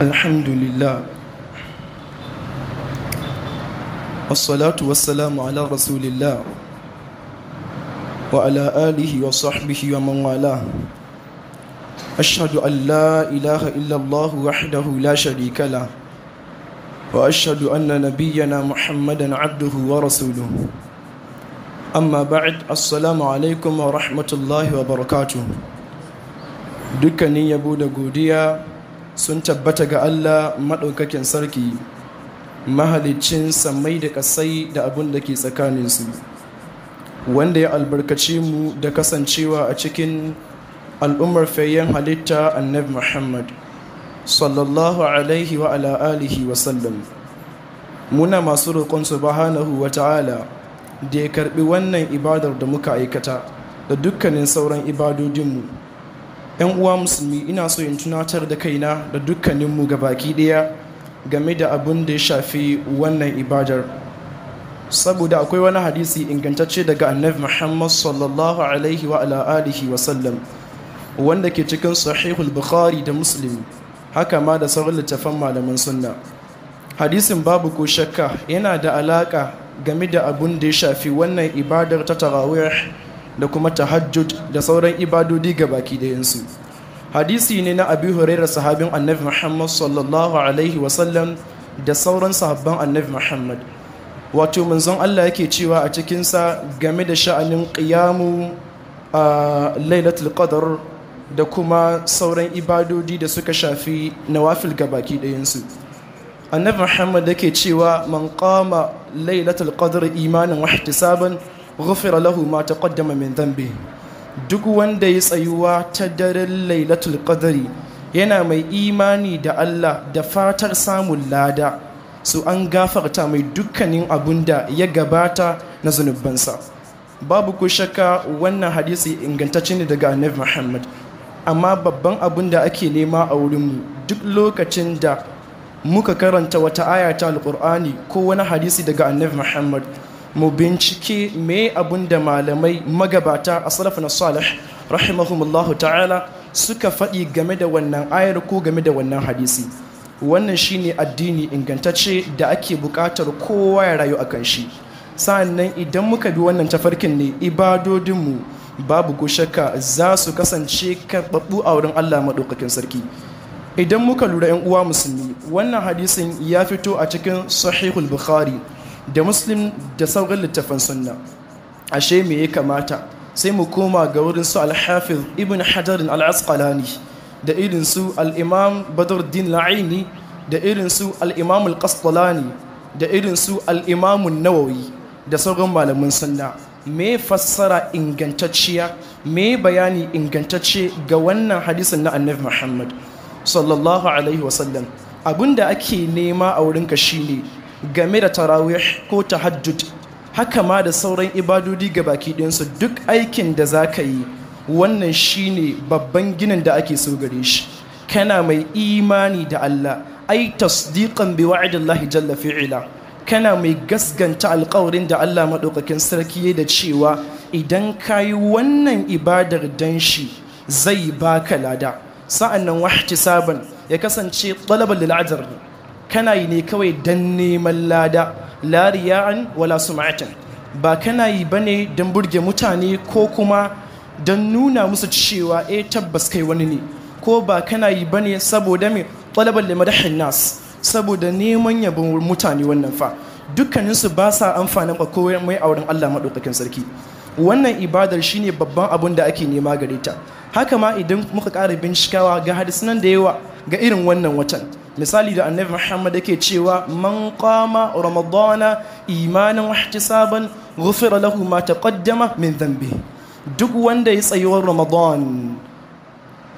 الحمد لله والصلاة والسلام على رسول الله وعلى آله وصحبه ومن والاه أشهد أن لا إله إلا الله وحده لا شريك له وأشهد أن نبينا محمدا عبده ورسوله أما بعد السلام عليكم ورحمة الله وبركاته dukkanin yabo da godiya sun tabbata ga Allah maɗaukakin sarki mahalicin samai da ƙasai da abin da ke tsakaninsu wanda ya albarkace mu da kasancewa a cikin al'ummar fayyan halitta annabi Muhammad sallallahu alaihi wa ala'alihi alihi wa sallam muna masu roƙon subhanahu wa ta'ala da ya karɓi wannan ibadar da muka aikata da dukkanin sauran ibadodinmu 'yan uwa musulmi ina so in tunatar da kaina da dukkaninmu ga baki ɗaya game da abin da ya shafi wannan ibadar saboda akwai wani hadisi ingantacce daga annabi muhammad sallallahu alaihi wa alihi wa sallam wanda ke cikin sahihul bukhari da muslim haka ma da sauran littafan malaman sunna hadisin babu ko shakka yana da alaka game da abun da ya shafi wannan ibadar ta tarawih da kuma tahajjud da sauran ibadodi ga baki dayansu hadisi ne na abi huraira sahabin annabi muhammad sallallahu alaihi wasallam da sauran sahabban annabi muhammad wato manzon allah yake cewa a cikinsa game da sha'anin ƙiyamu a lailatul qadar da kuma sauran ibadodi da suka shafi nawafil ga baki ɗayansu annabi muhammad yake cewa man qama lailatul qadar imanin wahtisaban ghufira lahu ma taqaddama min dhanbi duk wanda ya tsayuwa ta daren lailatul qadri yana mai imani da Allah da fatar samun lada su an gafarta mai dukkanin abunda ya gabata na zunubansa babu ku shakka wannan hadisi ingantacce ne daga annabi Muhammad amma babban abun da ake nema a mu duk lokacin da muka karanta wata aya ta alƙur'ani ko wani hadisi daga annabi Muhammad mu binciki me abun da malamai magabata a salafin salih rahimahumullahu ta'ala suka faɗi game da wannan ayar ko game da wannan hadisi wannan shine addini ingantacce da ake buƙatar kowa ya rayu a kan shi sa'annan idan muka bi wannan tafarkin ne ibadodinmu babu ko shakka za su kasance karɓaɓɓu a wurin Allah maɗaukakin sarki idan muka lura 'yan uwa musulmi wannan hadisin ya fito a cikin sahihul bukhari da muslim da sauran littafan sunna ashe me ya kamata sai mu koma ga wurin su al-hafiz ibn hajarin al-asqalani da irin su al-imam badruddin la'ini da irin su al-imam al da irin su al nawawi da sauran malaman sunna me fassara ingantacciya me bayani ingantacce ga wannan hadisin na annabi muhammad sallallahu alaihi wasallam abinda ake nema a wurinka shine game da tarawih ko tahajjud haka ma da sauran ibadodi ga baki ɗinsu duk aikin da za ka yi wannan shine babban ginin da ake so gare shi kana mai imani da Allah ai tasdiqan bi wa'idillahi jalla fi'ila kana mai gasganta alƙawarin da Allah maɗaukakin sarki da cewa idan ka wannan ibadar dan shi zai baka lada sa'annan wahtisaban ya kasance talabal lil ajr kana yi ne kawai don neman lada lariya'an riya'an wala sum'atan ba kana yi ba ne don burge mutane ko kuma don nuna musu cewa e tabbas kai wani ne ko ba kana yi ba ne saboda mai talabar limadahin nas saboda neman yabon mutane wannan fa dukkaninsu ba sa amfanin ba mai auren Allah maɗaukakin sarki wannan ibadar shine babban abun da ake nema gare ta haka ma idan muka ƙara bincikawa ga hadisunan da yawa ga irin wannan watan misali da annabi muhammad yake cewa man qama ramadana imanan wa ihtisaban ghufira lahu ma taqaddama min dhanbi duk wanda ya tsayuwar ramadan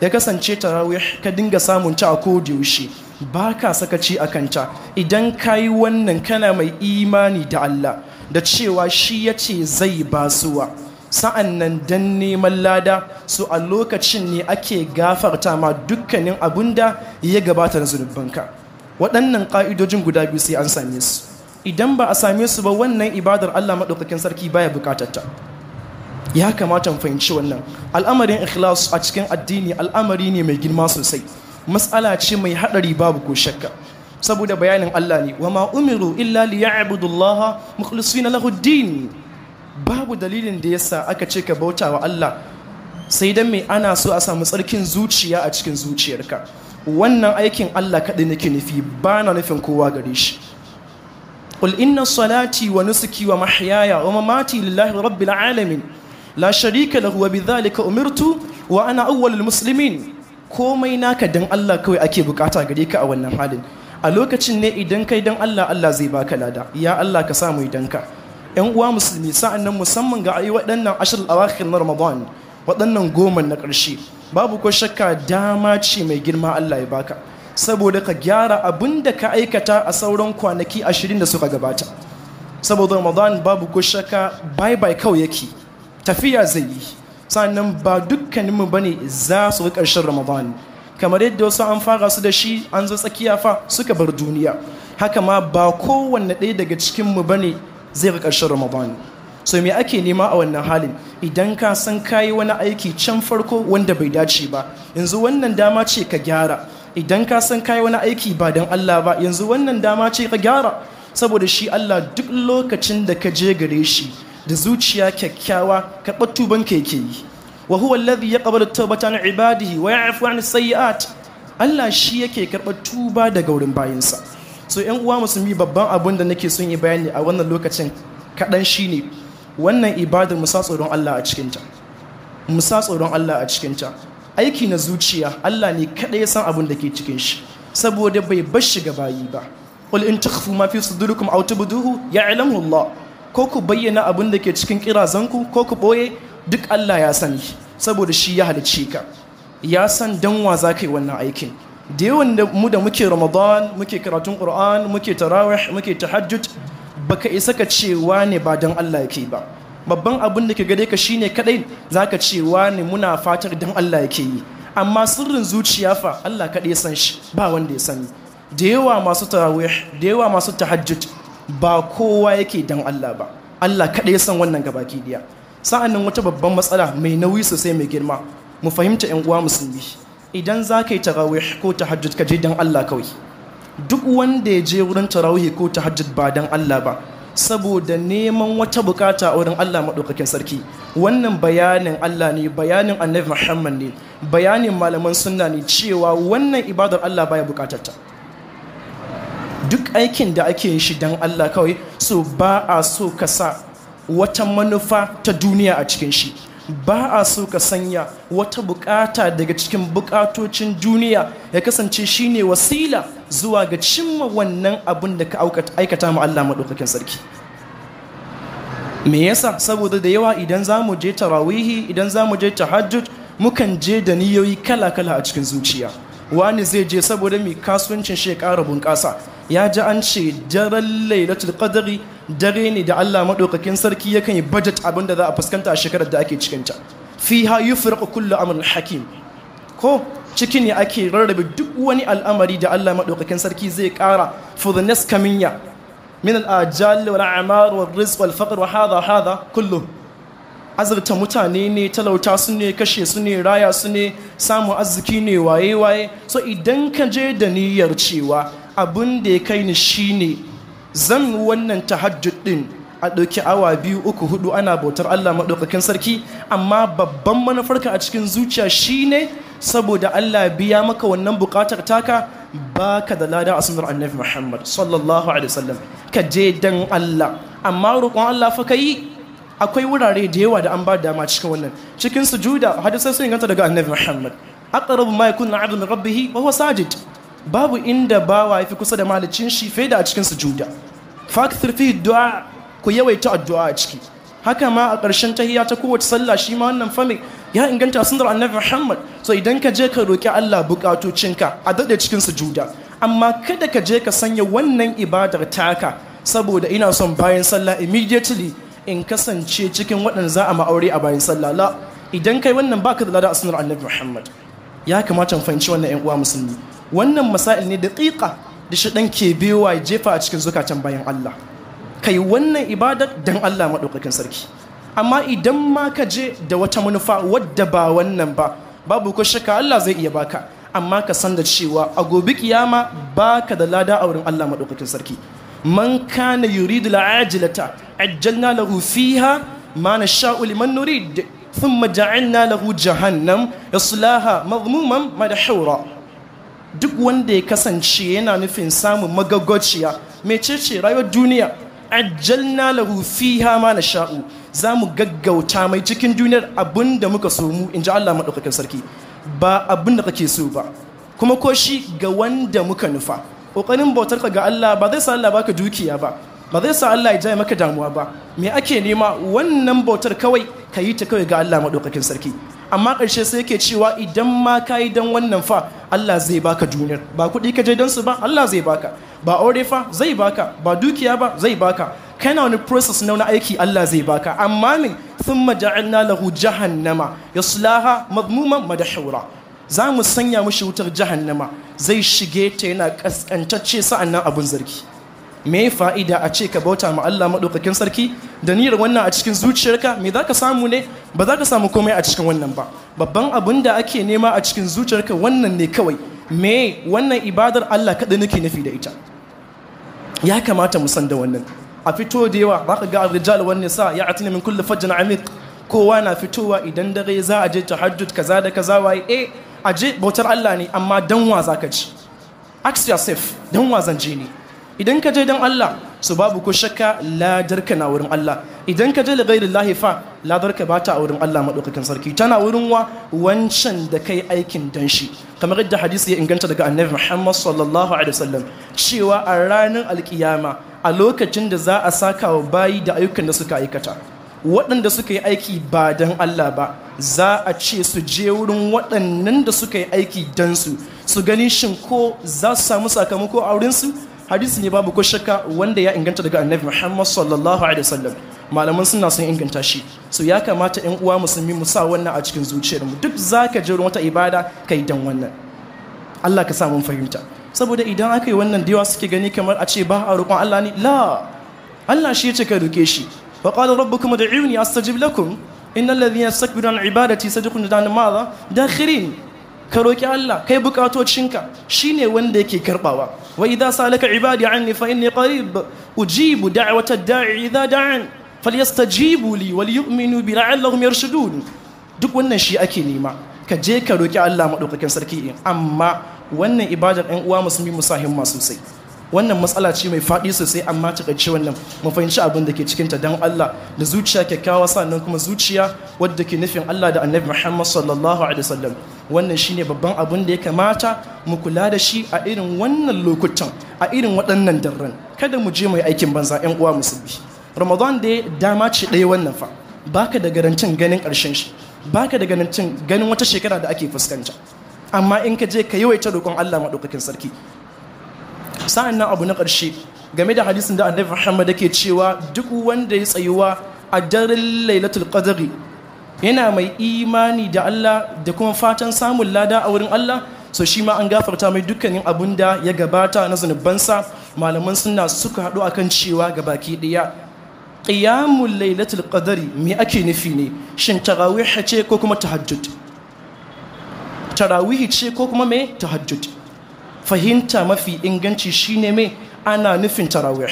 ya kasance tarawih ka dinga samun ta a yaushe ba ka sakaci a kanta idan ka yi wannan kana mai imani da allah da cewa shi ya ce zai basuwa sa'an nan don neman lada su a lokacin ne ake gafarta ma dukkanin abin da ya gabata na zunubanka waɗannan ƙa'idojin guda biyu sai an same su idan ba a same su ba wannan ibadar Allah maɗaukakin sarki baya bukatarta ya kamata mu fahimci wannan al'amarin ikhlas a cikin addini al'amari ne mai girma sosai matsala ce mai haɗari babu ko shakka saboda bayanin Allah ne wa ma umiru illa liya'budu Allah mukhlisina lahu din babu dalilin da yasa aka ce ka bauta wa Allah sai dan me ana so a samu tsarkin zuciya a cikin zuciyarka wannan aikin Allah kaɗai nake nufi ba na nufin kowa gare shi qul inna salati wa nusuki wa mahyaya wa mamati lillahi rabbi alamin la sharika lahu wa bidhalika umirtu wa ana awwal muslimin komai naka dan Allah kawai ake bukata gare ka a wannan halin a lokacin ne idan kai dan Allah Allah zai baka lada ya Allah ka samu idan ka yan uwa musulmi nan musamman ga ayi waɗannan ashirin awakhir na ramadan waɗannan goma na ƙarshe babu ko shakka dama ce mai girma Allah ya baka saboda ka gyara abin da ka aikata a sauran kwanaki ashirin da suka gabata saboda ramadan babu ko shakka bye bye kawai yake tafiya zai yi sannan ba dukkaninmu bane za su ƙarshen ramadan kamar yadda wasu an fara su da shi an zo tsakiya fa suka bar duniya haka ma ba kowanne ɗaya daga cikin mu bane zai ga ƙarshen ramadan so me ake nema a wannan halin idan ka san kayi wani aiki can farko wanda bai dace ba yanzu wannan dama ce ka gyara idan ka san kayi wani aiki ba don Allah ba yanzu wannan dama ce ka gyara saboda shi Allah duk lokacin da ka je gare shi da zuciya kyakkyawa ka ɓattu ban keke yi wa huwa alladhi yaqbalu tawbata an ibadihi wa ya'fu an sayyi'at Allah shi yake karɓar tuba daga wurin bayinsa so yan uwa musulmi babban abun da nake son yi bayani a wannan lokacin kaɗan shine wannan ibadar musa tsoron Allah a cikinta musa tsoron Allah a cikinta aiki na zuciya Allah ne kaɗai ya san abin da ke cikin shi saboda bai bar shi ga bayi ba qul in takhfu ma fi sudurikum aw tubduhu ya'lamu Allah ko ku bayyana abun da ke cikin kirazanku ko ku boye duk Allah ya sani saboda shi ya halicce ka ya san dan wa za ka yi wannan aikin da yawan da mu da muke ramadan muke karatun ƙura'an muke tarawih muke tahajjud ka isa ka cewa ne ba don Allah yake ba babban abin da ka gare ka shine kadai za ka cewa ne muna fatar don Allah yake yi amma sirrin zuciya fa Allah kadai san shi ba wanda ya sani da yawa masu tarawih da yawa masu tahajjud ba kowa yake don Allah ba Allah kadai san wannan gabaki daya sa'annan wata babban matsala mai nauyi sosai mai girma mu fahimta yan uwa musulmi idan za ka yi tarawih ko tahajjud ka je don Allah kawai duk wanda ya je wurin tarawih ko tahajjud ba don Allah ba saboda neman wata bukata a wurin Allah maɗaukakin sarki wannan bayanin Allah ne bayanin annabi Muhammad ne bayanin malaman sunna ne cewa wannan ibadar Allah baya bukatarta duk aikin da ake yin shi don Allah kawai so ba a so ka sa wata manufa ta duniya a cikin shi ba a so ka sanya wata bukata daga cikin bukatocin duniya ya kasance shine wasila zuwa ga cimma wannan abin da ka aikata mu Allah maɗaukakin sarki me yasa saboda da yawa idan za mu je tarawihi idan za mu je tahajjud mukan je da niyoyi kala-kala a cikin zuciya wani zai je saboda mai kasuwancin shi bunƙasa ya ji an ce daren lailatul qadari dare ne da Allah maɗaukakin sarki yakan yi budget abin da za a fuskanta a shekarar da ake cikinta fi ha yi firƙa kullu amr hakim ko ciki ne ake rarrabe duk wani al'amari da Allah maɗaukakin sarki zai ƙara for the next coming year min al'ajal wal a'mar wal rizq wal faqr wa hadha hadha kullu azurta mutane ne talauta su ne kashe su ne raya su ne samun arziki ne waye waye so idan ka je da niyyar cewa abin da ya kai ni shine zan wannan tahajjud din a ɗauki awa biyu uku hudu ana bautar Allah maɗaukakin sarki amma babban manufarka a cikin zuciya shine saboda Allah biya maka wannan buƙatar taka baka da lada a sunar annabi Muhammad sallallahu alaihi wasallam ka je dan Allah amma roƙon Allah fa yi akwai wurare da yawa da an ba dama cikin wannan cikin sujuda hadisai sun ganta daga annabi Muhammad aqrabu ma yakunu 'abdu min rabbih wa huwa sajid babu inda bawa ya fi kusa da malicin shi fai da a cikin sujuda fakthir fi du'a ku yawaita addu'a a ciki haka ma a ƙarshen tahiyya ta kowace sallah shi ma wannan famin ya inganta sunnar annabi Muhammad so idan ka je ka roƙi Allah bukatocinka a daɗe cikin sujuda amma kada ka je ka sanya wannan ibadar taka saboda ina son bayan sallah immediately in kasance cikin waɗanda za a ma'aure a bayan sallah la idan kai wannan baka da lada a sunar annabi Muhammad ya kamata mu fahimci wannan yan uwa musulmi wannan masail ne da da shi ɗan ke biyowa ya jefa a cikin zukatan bayan Allah kai wannan ibadar dan Allah maɗaukakin sarki amma idan ma ka je da wata manufa wadda ba wannan ba babu ko shakka Allah zai iya baka amma ka san da cewa a gobe kiyama baka da lada a wurin Allah maɗaukakin sarki man kana yuridu la'ajilata ajjalna lahu fiha ma nasha'u liman nurid thumma ja'alna lahu jahannam yaslaha madhmuman madhura duk wanda ya kasance yana nufin samun magagociya mecece rayuwar duniya na lahu fiha ma sha'u za mu gaggauta mai cikin duniyar abin da muka so mu in ji Allah maɗaukakin sarki ba abin da kake so ba kuma ko shi ga wanda muka nufa ƙoƙarin bautar ka ga Allah ba zai sa Allah baka dukiya ba ba zai sa Allah ya jaye maka damuwa ba me ake nema wannan bautar kawai ka yi ta kawai ga Allah maɗaukakin sarki amma ƙarshe sai yake cewa idan ma ka yi don wannan fa Allah zai baka duniyar ba kuɗi ka je don su ba Allah zai baka ba aure fa zai baka ba dukiya ba zai baka kana wani process na wani aiki Allah zai baka amma me thumma ja'alna lahu jahannama sulaha madmuman madahura za mu sanya mushi wutar jahannama zai shige ta yana sa'an sa'annan abun zargi me fa'ida a ce ka bauta ma Allah maɗaukakin sarki da niyyar wannan a cikin zuciyarka me za ka samu ne ba za ka samu komai a cikin wannan ba babban abin da ake nema a cikin zuciyarka wannan ne kawai me wannan ibadar Allah kaɗai nake nufi da ita ya kamata mu san da wannan a fito da yawa za ka ga arrijal wani sa ya atina min kulli fajjin amiq kowa na fitowa idan dare za a je tahajjud kaza da kaza waye eh a je bautar Allah ne amma dan wa zaka ci ask yourself dan wa zan je ne idan ka je don Allah su babu ko shakka ladarka na wurin Allah idan ka je da gairin fa ladarka ba ta a wurin Allah maɗaukakin sarki tana wurin wa wancan da kai aikin danshi shi kamar yadda hadisi ya inganta daga annabi Muhammad sallallahu alaihi wasallam cewa a ranar alkiyama a lokacin da za a saka wa bayi da ayyukan da suka aikata waɗanda suka yi aiki ba don Allah ba za a ce su je wurin waɗannan da suka yi aiki don su su gani shin ko za su samu sakamako a wurinsu hadisi ne babu ko shakka wanda ya inganta daga annabi muhammad sallallahu alaihi wasallam malaman suna sun inganta shi so ya kamata yan uwa musulmi mu sa wannan a cikin zuciyar mu duk zaka je wata ibada kai dan wannan Allah ka sa mun fahimta saboda idan aka yi wannan da suke gani kamar a ce ba a roƙon Allah ne la Allah shi ya ce ka roke shi wa qala rabbukum ud'uni astajib lakum innal ladhina yastakbiruna an ibadati sajqun dan madha dakhirin ka roki Allah kai bukatocinka shine wanda yake karbawa wa idza salaka ibadi anni fa inni qarib ujibu da'wata da'i idza da'an falyastajibu li wal yu'minu bi la'allahum yarshudun duk wannan shi ake nema ka je ka roki Allah madaukakin sarki amma wannan ibadar ɗan uwa musulmi himma sosai wannan matsala ce mai faɗi sosai amma takaice wannan mu fahimci abin da ke cikinta don Allah da zuciya kyakkyawa sannan kuma zuciya wadda ke nufin Allah da annabi Muhammad sallallahu alaihi wasallam wannan shine babban abin da ya kamata mu kula da shi a irin wannan lokutan a irin waɗannan darren kada mu je mai aikin banza ƴan uwa musulmi Ramadan da dai dama ce ɗaya wannan fa baka da garantin ganin ƙarshen shi baka da garantin ganin wata shekara da ake fuskanta amma in ka je ka yawaita roƙon Allah maɗaukakin sarki sa'an nan abu na ƙarshe game da hadisin da annabi muhammad yake cewa duk wanda ya tsayuwa a daren lailatul qadri yana mai imani da Allah da kuma fatan samun lada a wurin Allah so shi ma an gafarta mai dukkanin abun da ya gabata na zunubansa malaman suna suka haɗu akan cewa ga baki ɗaya qiyamul lailatul qadari me ake nufi ne shin tarawih ce ko kuma tahajjud tarawih ce ko kuma me tahajjud fahimta mafi inganci shine mai ana nufin tarawih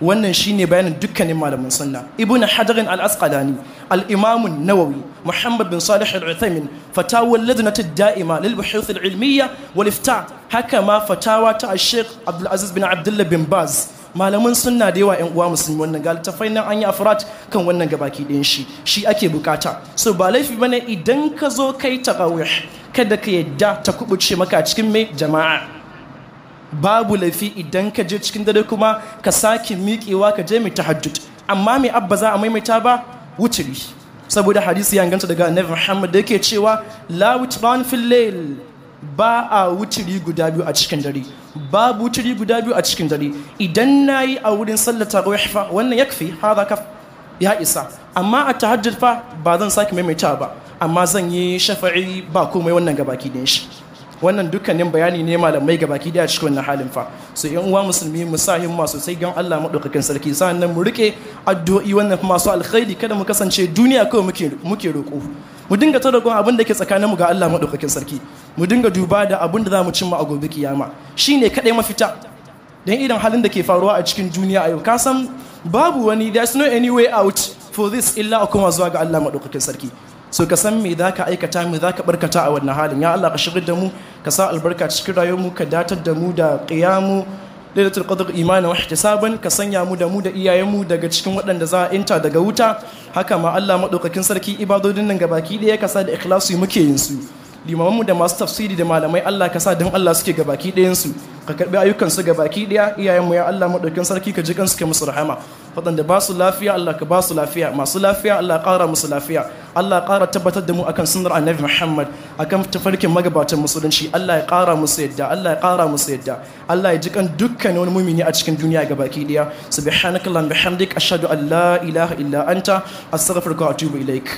wannan shine bayanin dukkanin malaman sunna ibnu hadarin al-asqalani al-imam nawawi muhammad bin salih al-uthaymin fatawa ladnat daima lil buhuth al-ilmiyya wal ifta haka ma fatawa ta al-sheikh abdul aziz bin abdullah bin baz malaman sunna da yawa yan uwa musulmi wannan ga littafai nan an yi afrat kan wannan gabaki ɗin shi shi ake bukata so ba laifi bane idan ka zo kai tarawih kada ka yadda ta kubuce maka cikin mai jama'a babu laifi idan ka je cikin dare kuma ka sake miƙewa ka je mai tahajjud amma mai abba za a maimaita ba wuturi saboda hadisi ya ganta daga annabi Muhammad da yake cewa la wutran fil layl ba a wuturi guda biyu a cikin dare babu wuturi guda biyu a cikin dare idan na yi a wurin sallata tarawih fa wannan yakfi hada kaf ya isa amma a tahajjud fa ba zan sake maimaita ba amma zan yi shafa'i ba komai wannan gabaki din shi wannan dukkanin bayani ne malamai gabaki da cikin wannan halin fa so yan uwa musulmi mu sa himma sosai gan Allah madaukakin sarki sannan mu rike addu'o'i wannan masu alkhairi kada mu kasance duniya kawai muke muke roƙo mu dinga ta dogon abin da ke tsakanin mu ga Allah madaukakin sarki mu dinga duba da abin da za mu cimma a gobe kiyama shine kadai mafita dan irin halin da ke faruwa a cikin duniya a yau ka san babu wani there's no any way out for this illa a kuma zuwa ga Allah madaukakin sarki so ka san me za ka aikata me za ka barkata a wannan halin ya Allah ka shigar da mu ka sa albarka cikin rayuwar mu ka datar da mu da qiyamu lailatul qadr imanin wa ihtisaban ka sanya mu da mu da iyayenmu daga cikin waɗanda za a inta daga wuta haka ma Allah madaukakin sarki ibadodin nan gabaki ɗaya ka sa da ikhlasu muke yin su limaman mu da masu tafsiri da malamai Allah ka sa don Allah suke gabaki ɗayan su ka karbi ayyukan su gabaki ɗaya iyayenmu ya Allah madaukakin sarki ka ji kansu ka musu rahama waɗanda ba su lafiya Allah ka ba su lafiya masu lafiya Allah ƙara musu lafiya Allah ƙara tabbatar da mu akan sunnar annabi Muhammad akan tafarkin magabatan musulunci Allah ya ƙara musu yadda Allah ya ƙara musu yadda Allah ya ji kan dukkan wani mumini a cikin duniya ga baki daya subhanaka allahumma bihamdik ashhadu an la ilaha illa anta astaghfiruka wa atubu ilaik